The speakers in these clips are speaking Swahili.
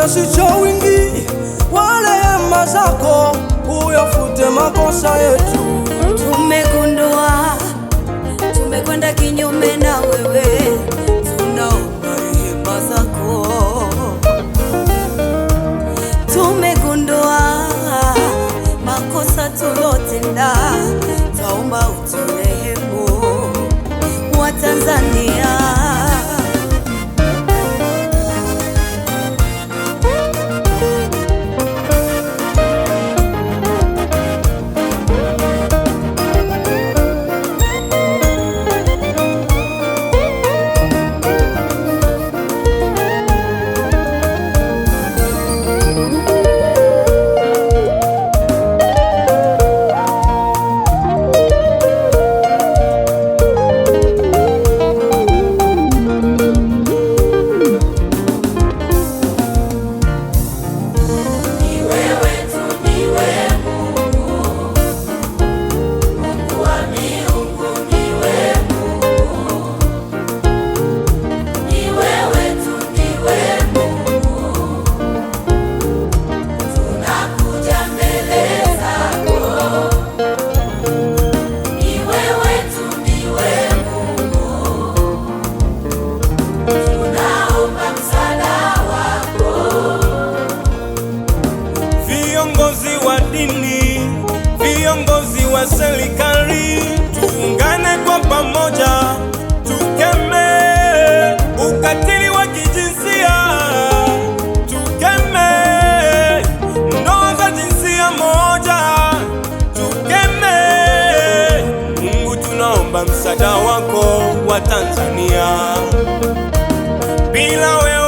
Kiasi wingi wa rehema zako uyafute makosa yetu. Tumegundua tumekwenda kinyume na wewe, tunaomba rehema zako. Tumegundua makosa tulotenda, taomba uturehemu. Watanzania tuwe serikali, tuungane kwa pamoja, tukeme ukatili wa kijinsia, tukeme ndoa za jinsia moja, tukeme. Mungu, tunaomba msaada wako wa Tanzania bila wewe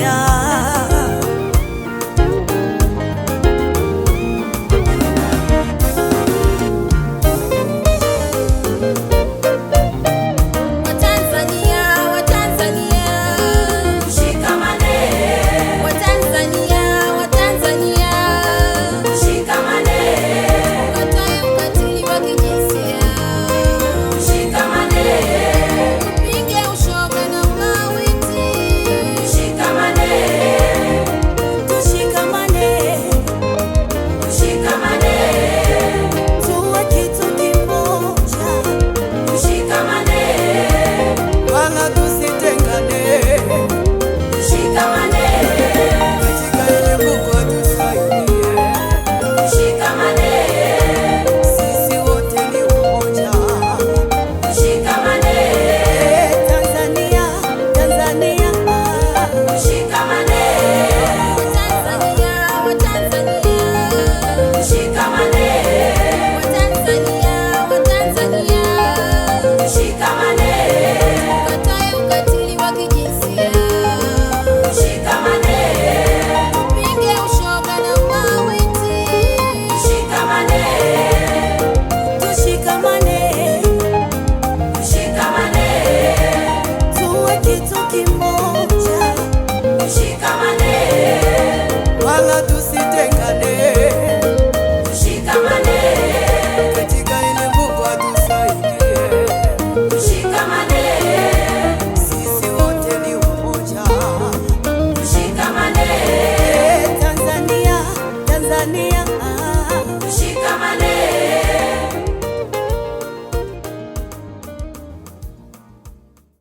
yeah. sitengane